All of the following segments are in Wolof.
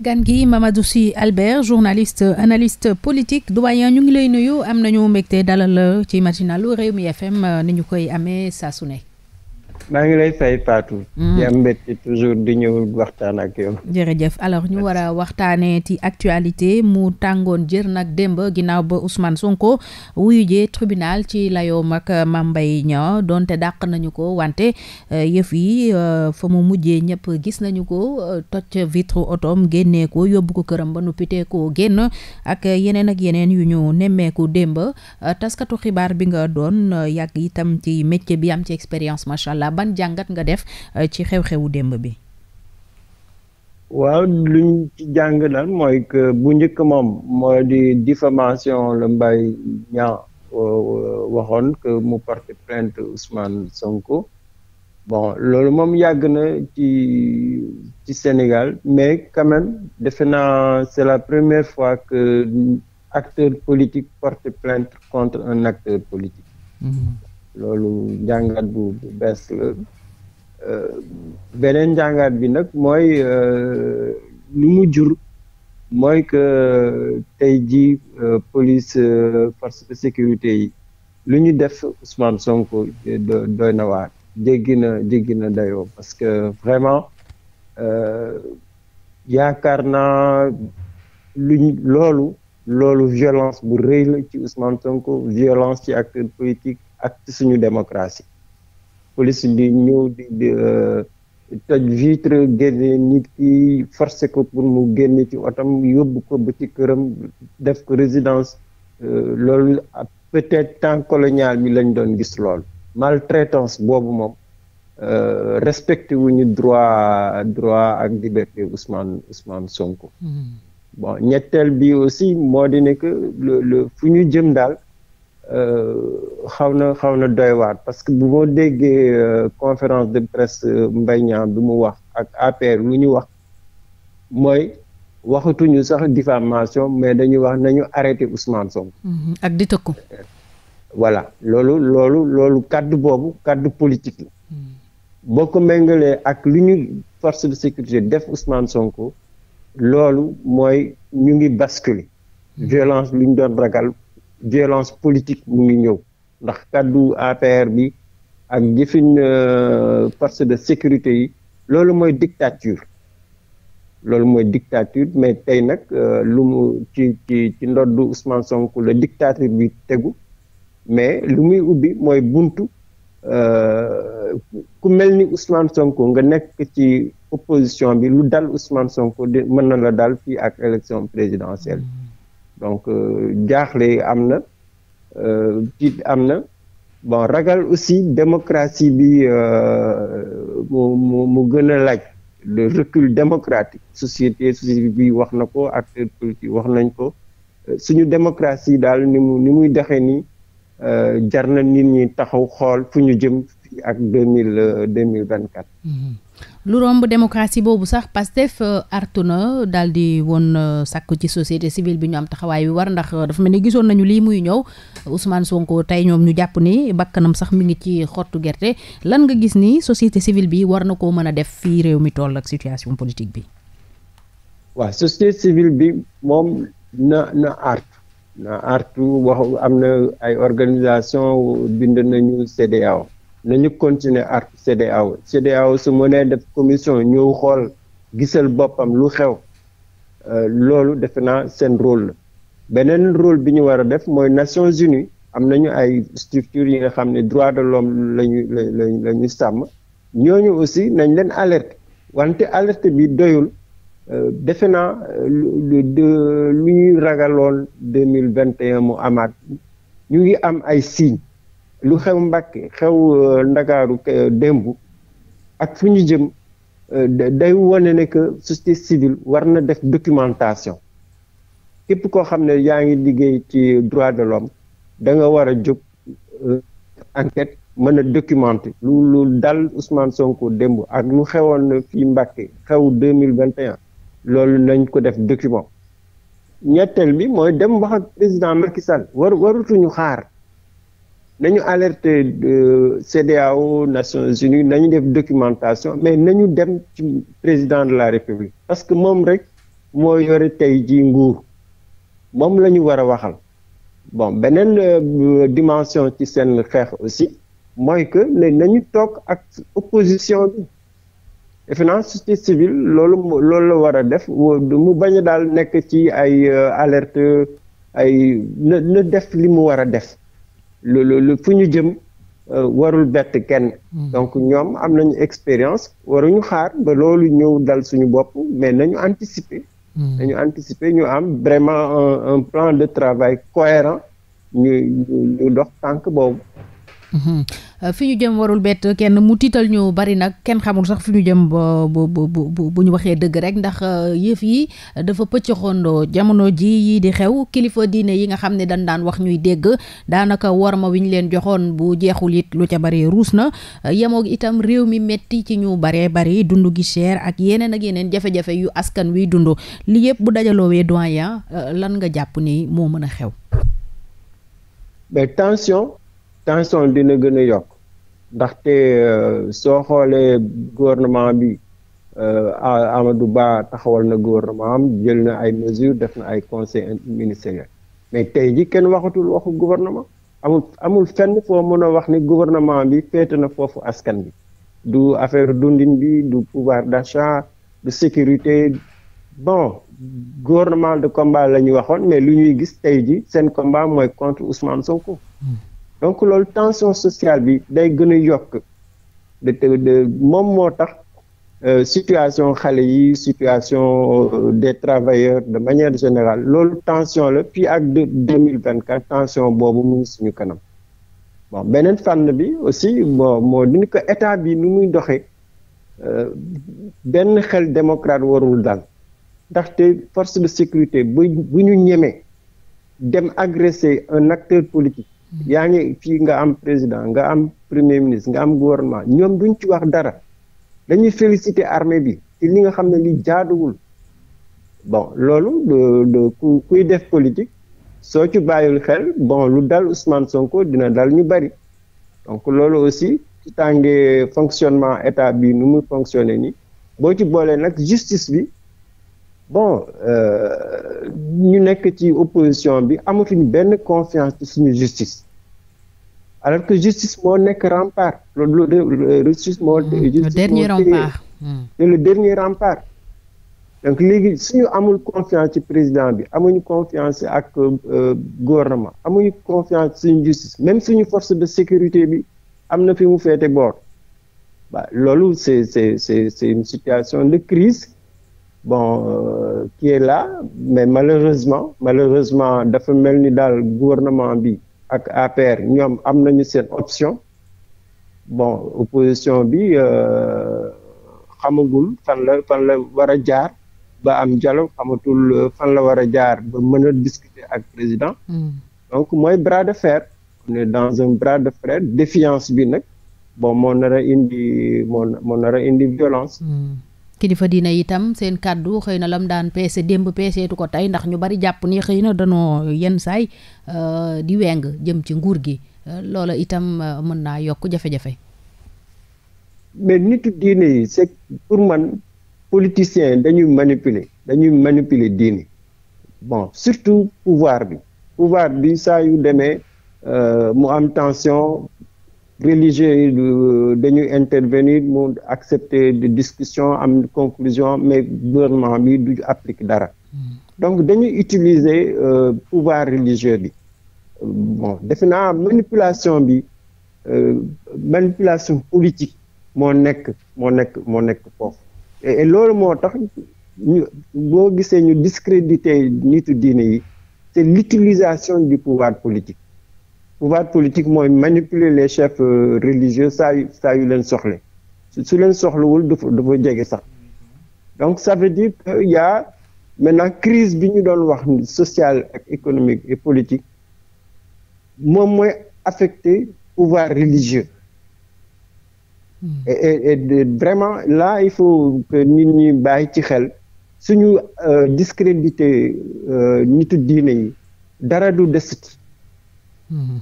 gan gi Mamadou Sy Albert journaliste analyste politique doyen ñu ngi lay nuyu am na nañu mbégte dalal ci matinalu Rewmi FM euh, ni ñu koy amee saa su ne maa ngi lay fay Fatou. Mm. di am toujours di ñëw waxtaan ak yow. jërëjëf alors ñu war a waxtaanee ci actualité mu tàngoon jër nag démb ginnaaw ba Ousmane Sonko wuyu jee tribunal ci layoom ak Mame Mbaye Niang donte dàq nañu ko wante euh, yëf yi euh, fa mu mujjee ñëpp gis nañu ko euh, toj vitre otoom génnee ko yóbbu ko këram ba nu pitee ko génn ak yeneen ak yeneen yu ñu nemmeeku démb taskatu xibaar bi nga doon yàgg itam ci métier bi am ci expérience macha allah. ban jàngat nga def euh, ci xew-xewu démb bi. waaw luñ ci jàng daal mooy que bu njëkk moom mooy di diffamation la Mbaye Niang euh, waxoon que mu porte plainte Ousmane Sonko bon loolu moom yàgg na ci ci Sénégal mais quand même defe naa c'est la première fois que acteur politique porte plainte contre un acteur politique. Mm-hmm. loolu njàngat bu bu la euh, beneen njàngat bi nag mooy euh, lu mu jur mooy que tey ji euh, police force de sécurité yi lu ñu def Ousmane Sonko doy na waar jéggi na jéggi na dayoo parce que vraiment yaakaar naa lu loolu loolu violence bu rëy la ci Ousmane Sonko violence ci acteur politique ak suñu démocratie police bi ñëw di euh, toj vitre génne nit ki forcé ko pour mu génne ci otam yóbbu ko ba ci këram def ko résidence euh, loolu peut-être temps colonial bi lañ doon gis lool maltraitance boobu moom euh, respecté wuñu droit droit ak liberté Ousmane Ousmane Sonko. Hmm. bon ñetteel bi aussi moo di ne que fu ñu jëm daal. Euh, xaw na xaw na doy waar parce que bu ma déggee euh, conférence de presse euh, Mbaye Niang bi mu wax ak APR lu ñu wax mooy waxatuñu sax diffamation mais dañuy wax nañu arrêté Ousmane Sonko. Mm-hmm. ak di tëkku. voilà loolu loolu loolu kaddu boobu kaddu politique la. Mm-hmm. boo ko méngalee ak lu ñu force de sécurité def Ousmane sonk loolu mooy ñu ngi basculer. Mm-hmm. violence lu ñu doon ragal violence politique mu ngi ñëw ndax kàddu APR bi ak jëfin force euh, de sécurité yi loolu mooy dictature loolu mooy dictature mais tey nag euh, lu mu ci ci ci ndoddu Ousmane Sonko la dictature bi tegu mais lu muy ubbi mooy buntu euh, ku mel ni Ousmane Sonko nga nekk ci opposition bi lu dal Ousmane Sonko mën na la daal fii ak élection présidentielle donc euh, jaaxle am na euh, tiit am na bon ragal aussi démocratie bi euh, mu mu mu gën a laaj le recul démocratique société société bi wax na ko acteur politique wax nañ ko suñu démocratie daal ni mu ni muy doxee nii jar na nit ñi taxaw xool fu ñu jëm ak deux mille deux mille vingt quatre mm-hmm. lu romb démocratie boobu sax Pastef euh, artu na daal di woon euh, sàkk ci société civile bi ñu am taxawaay bi war ndax euh, dafa mel ni gisoon nañu lii muy ñëw Ousmane Sonko tey ñoom ñu jàpp ni bàkkanam sax mu ngi ci xottu gerte lan nga gis ni société civile bi war na koo mën a def fii réew mi toll ak situation politique bi. waaw société civile bi moom na na artu na artu wax am na ay organisation bind nañu CEDEAO nañu continuer art CEDEAO CEDEAO su mënee def commission ñëw xool gisal boppam lu xew euh, loolu defe naa seen rôle la beneen rôle bi ñu war a def mooy Nations Unies am nañu ay structures yi nga xam ne droit de l'homme lañu lañu la ñu sàmm ñooñu aussi nañ leen alerte wante alerte bi doyul euh, defe naa euh, lu lu ñuy ragaloon deux mille vingt et mu amaat ñu ngi am ay signes lu xew Mbàkke xew euh, Ndakaaru euh, démb ak fu ñu jëm euh, day wane ne que société civile war na def documentation képp koo xam ne yaa ngi liggéey ci droit de l'homme da nga war a jóg enquête mën a documenter lu lu dal Ousmane Sonko démb ak lu xewoon fii Mbàkke xew deux mille vingt et un loolu nañ ko def document ñetteel bi mooy dem wax ak président Macky Sall war warutuñu xaar nañu alerte alerter euh, CEDEAO Nations Unies nañu def documentation mais nañu dem ci président de la République parce que moom rek moo yore tey jii nguur moom la ñu war a waxal bon beneen euh, dimension ci seen xeex aussi mooy que ne nañu toog ak opposition bi defe naa société loolu loolu la war a def mu bañ daal nekk ci ay euh, alerte ay na na def li mu war a def lu fu ñu jëm euh, warul bett kenn. Hmm. donc ñoom am nañu expérience waruñu xaar ba loolu ñëw dal suñu bopp mais nañu anticiper. Hmm. nañu anticiper ñu am vraiment un plan de travail cohérent ñu ñu dox tànk boobu. Mhm. Euh, fi ñu jëm warul bett kenn mu tiital ñu bari nag kenn xamul sax fi ñu jëm ba bu bu bu ñu waxee dëgg rek ndax euh, yëf yi dafa pëcc xondoo jamono ji yii di xew kilifa diine yi nga xam ne dañ daan wax ñuy dégg daanaka worma wi ñu leen joxoon bu jeexul it lu ca bari ruus na euh, yemoog itam réew mi metti ci ñu baree bari dund gi ak yeneen ak yeneen jafe-jafe yu askan wi dund li yëpp bu dajaloowee doyen lan nga jàpp ni moo mën a xew. tension dina gën a yokk ndaxte euh, soo xoolee gouvernement bi euh, Amadou Ba taxawal na gouvernement am jël na ay mesures def na ay conseil ministériel mais tey ji kenn waxatul waxu gouvernement amul amul fenn foo mën a wax ni gouvernement bi féete na foofu askan bi du affaire dundin bi du pouvoir d'achat du sécurité bon gouvernement de combat la ñu waxoon mais lu ñuy gis tey ji seen combat mooy contre Ousmane Sonko. Hmm. donc loolu tension sociale bi day gën a yokk de de moom moo tax euh, situation xale yi situation euh, des travailleurs de manière générale loolu tension la puis ak deux mille vingt quatre tension boobu mu ngi suñu kanam bon beneen fànn bi aussi bon moo diñu ko état bi nu muy doxee euh, benn xel démocrate warul daal ndaxte force de sécurité bu bu ñu ñemee dem agresser un acteur politique Mm-hmm. yaa ngi fii nga am président nga am premier ministre nga am gouvernement ñoom duñ ci wax dara dañuy féliciter armée bi ci li nga xam ne li jaaduwul bon loolu de ku kuy def politique soo ci bàyyul xel bon lu dal Ousmane Sonko dina dal ñu bari donc loolu aussi ci tàngee fonctionnement état bi nu muy fonctionné ni boo ci boolee nag justice bi bon euh, ñu nekk ci opposition bi amatuñu benn confiance ci suñu justice alors que justice moo nekk rempart loolu justice moo. Hmm, le dernier hmm. donc léegi suñu amul confiance ci président bi amuñu confiance ak euh, gouvernement amuñu confiance suñu justice même suñu force de sécurité bi am na fi mu féete boor waa loolu c'est c'est c'est c'est une situation de crise bon qui est là mais malheureusement malheureusement dafa mel ni daal gouvernement bi ak APR ñoom am nañu seen option bon opposition bi euh, xamagul fan la fan la war a jaar ba am dialogue xamatul euh, fan la war a jaar ba mën a discuter ak président hmm. donc mooy bras de fer ne dans un bras de fer défiance bi nag bon moo nar indi moo moo indi violence hmm. kilifa diina itam seen kàddu xëy na lam daan peese démb peeseetu ko tey ndax ñu bari jàpp ni xëy na danoo yenn saay uh, di weng jëm ci nguur gi uh, loola itam euh, mën naa yokk jafe-jafe. mais nitu diine yi c'est pour man politicien dañuy manipule dañuy manipule diine bon surtout pouvoir bi pouvoir bi saa demee euh, mu am tension religieux yi euh, dañuy intervenir mu accepter de discussion am conclusion mais gouvernement bi du applique dara hmm. donc dañuy utiliser euh, pouvoir religieux bi bon defe manipulation bi euh, manipulation politique moo nekk moo nekk moo nekk foofu loolu moo tax ñu gisee ñu discréditer nitu diine yi c'est l'utilisation du pouvoir politique pouvoir politique mooy manipuler les chefs euh, religieux saa yu saa yu leen soxle su leen soxlawul dafa dafa jege sax donc ça veut dire que y a maintenant crise bi ñu doon wax sociale ak économique et politique moom mooy affecte pouvoir religieux hmm. et, vraiment là il faut que nit ñi bàyyi ci xel suñu euh, discrédité euh, nitu diine yi dara du desiti hmm.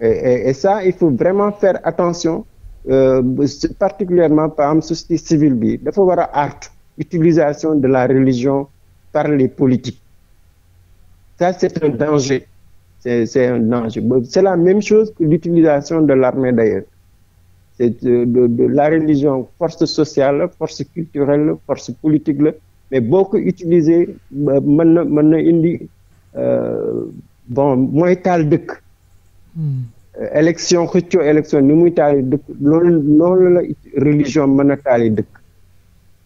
Et, et, et, ça, il faut vraiment faire attention, euh, particulièrement par exemple société bi dafa war a aart utilisation de la religion par les politiques. Ça, c'est un danger. C'est, c'est un danger. C'est la même chose que l'utilisation de l'armée d'ailleurs. C'est de, de, la religion force sociale, force culturelle, force politique la mais boo ko utiliser mën na mën na indi euh, bon mooy taal dëkk. Euh, élection xëccoo élection ni muy taali dëkk loolu loolu la religion mën a taali dëkk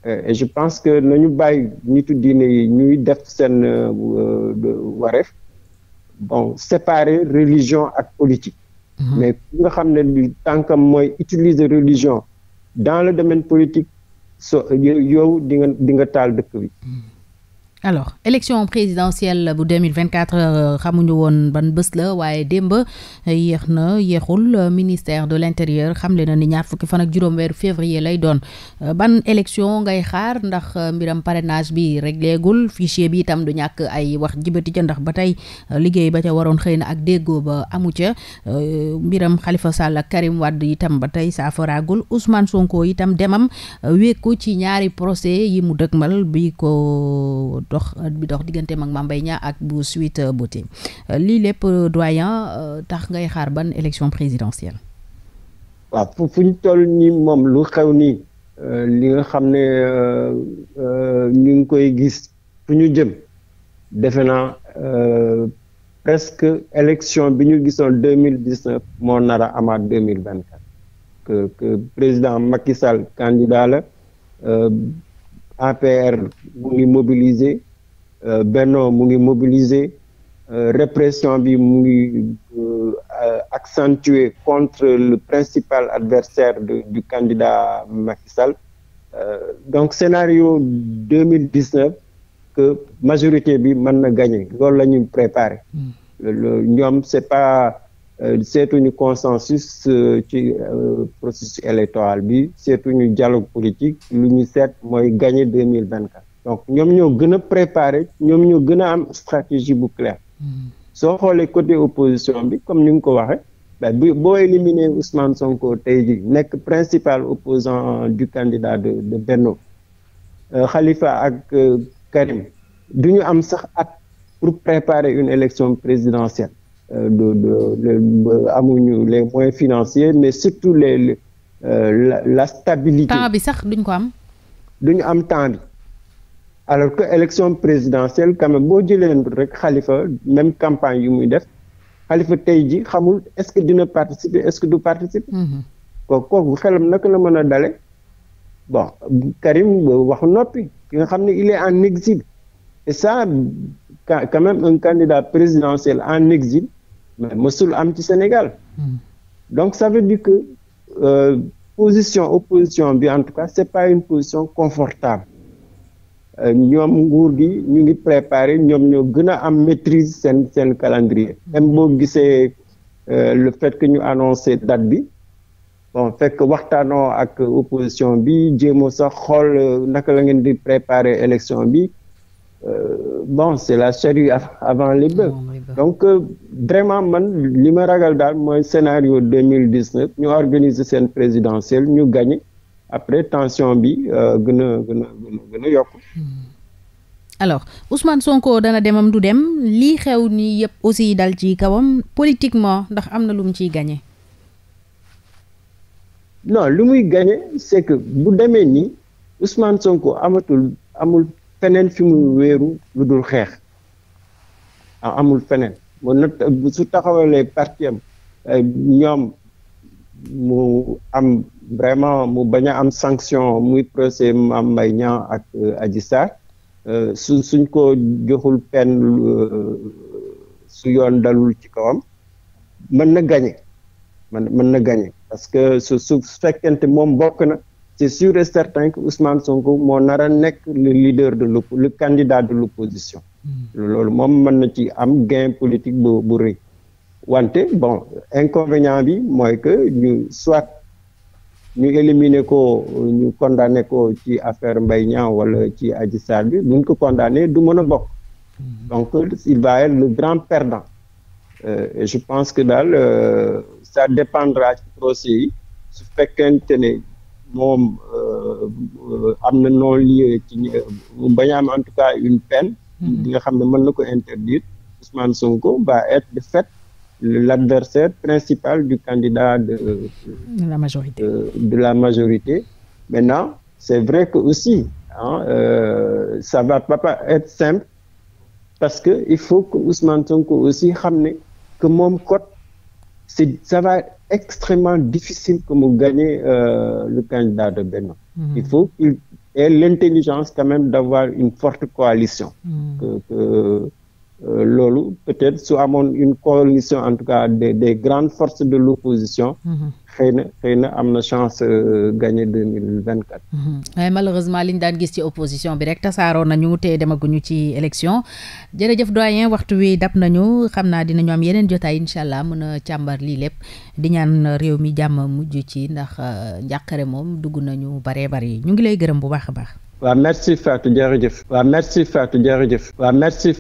euh, et je pense que nañu bàyyi nitu diine yi ñuy def seen euh, wareef bon séparer religion ak politique mhm. mais ku nga xam ne du tànkam mooy utiliser religion dans le domaine politique so yow di nga di nga taal dëkk bi mhm. alors élection présidentielle bu 2024 euh, xamuñu woon ban bës la waaye démb euh, yéex na yéexul euh, ministère de l'intérieur xamle na ni ñaar fukki fanak ak juróom weeru février lay doon ban élection ngay xaar ndax mbiram parrainage bi régléegul fichier bi itam du ñàkk ay wax jibati ca ndax ba tey liggéey ba ca waroon xëy na ak déggoo ba amu ca mbiram Khalifa Sall ak Karim Wade itam ba tey saafaraagul Ousmane Sonko itam demam wékku ci ñaari procès yi mu dëgmal bi ko dox bi dox digganteem ak Mame Mbaye ak bu suite beauté lii lépp doyen euh, tax ngay xaar ban élection présidentielle. waaw fu fu ñu toll nii moom lu xew nii euh, li nga xam ne euh, ñu ngi koy gis fu ñu jëm defe naa presque élection bi ñu gisoon deux mille dix neuf moo nara a amaat deux mille vingt que que président Macky Sall candidat la APR mu ngi mobiliser euh, Benno mu ngi mobiliser euh, répression bi mu ngi euh, accentuée contre le principal adversaire de, du candidat Macky Sall euh, donc scénario 2019 que majorité bi mën na gagner loolu la ñu préparé. Hmm. ñoom c'est pas Euh, seetuñu consensus euh, ci euh, processus électoral bi seetuñu dialogue politique lu ñu seet mooy gagner deux mille vingt quatre donc ñoom ñoo gën a préparer ñoom ñoo gën a am stratégie bu claire mm-hmm. soo xoolee côté opposition bi comme ni nga ko waxee ba bi boo éliminer Ousmane Sonko tey jii nekk principal opposant du candidat de de Benno Khalifa ak Karim du ñu am sax at pour préparer une élection présidentielle de, de amuñu les moyens financiers mais surtout les, les euh, la, la stabilité. temps bi sax duñ ko am. duñu am temps bi alors que élection présidentielle quand boo jëleen rek Khalifa même campagne yu muy def Khalifa tey ji xamul est-ce que dina participer est-ce que du participer. Mhm. kooku kooku xelam naka la mën a dale bon Karim waxu noppi ki nga xam ne il en exil et ça quand même un candidat présidentiel en exil mais mësul am ci Sénégal hmm. donc ça veut euh, position opposition bi en tout cas c'est pas une position confortable euh, ñoom nguur gi ñu ngi préparer ñoom ñoo gën a am maitrise seen seen calendrier hmm. même boo gisee euh, le fait que ñu annoncé date bi bon fekk waxtaanoo ak opposition bi jéemoo sax xool naka la ngeen di préparer élection bi bon c'est la charrue avant les bœufs vraiment man li ma ragal daal mooy scénario deux mille dix neuf ñu organiser seen présidentielle ñu gagné après tension bi euh, gën a gën a gën a yokk. Hmm. alors usman Sonko dana demam du dem lii xew nii yëpp aussi dal ci kawam politiquement ndax am na lu mu ciy gagné. no lu muy gagné c'est que bu demee nii Ousmane Sonko amatul amul feneen fi mu wéeru lu dul xeex ah, amul feneen. mu natt su taxawalee parti am ñoom mu am vraiment mu bañ a am sanction muy procès Mame Mbaye Niang ak euh, Adji Sarr euh, su suñ ko joxul peine euh, su yoon dalul ci kawam mën na gañe mën mën na gañe parce que su su fekkente moom bokk na c'est sur et certain que Ousmane Sonko moo nar nekk le leader de l'opposition le candidat de l'opposition loolu moom mën na ci am gain politique bu bu wante bon inconvénient bi mooy que soit ñu éliminer ko ñu condamné ko ci affaire Mbaye Niang wala ci Adji Sarr bi nu ko condamné du mën a bokk mm-hmm. donc il va être le grand perdant Euh, et je pense que daal euh, ça dépendra ci procès yi su fekkente ne moom euh, euh, am na non lieu ci en tout cas une peine li mm-hmm. nga xam ne mën na ko interdire usman Sonko va être de fait l'adversaire principal du candidat de, de la majorité de, euh, de la c'est vrai que aussi hein, euh, ça va pas être simple parce que il faut que Ousmane Sonko aussi xam ne que moom cote c'est ça va être extrêmement difficile que mu gagne euh, le candidat de Benno mm-hmm. il faut qu'il et l'intelligence quand même d'avoir une forte coalition. Mmh. Que, que, euh, loolu peut-être su amoon une coalition en tout cas des des grandes forces de l'opposition. Mmh. xëy na xëy na am na chance euh, gagner deux mille vingt mm-hmm. eh, liñ daan gis ci opposition bi rek tasaaroo nañu te demaguñu ci élection jërëjëf doyen waxtu wi dab nañu xam naa dinañu am yeneen jotaay incha allah mën a càmbar lii lépp di ñaan réew mi jàmm mujj ci ndax euh, njàqare moom dugg nañu baree bari ñu ngi lay gërëm bu baax a baax. waa merci Fatou jërëjëf. waa merci Fatou jërëjëf. waa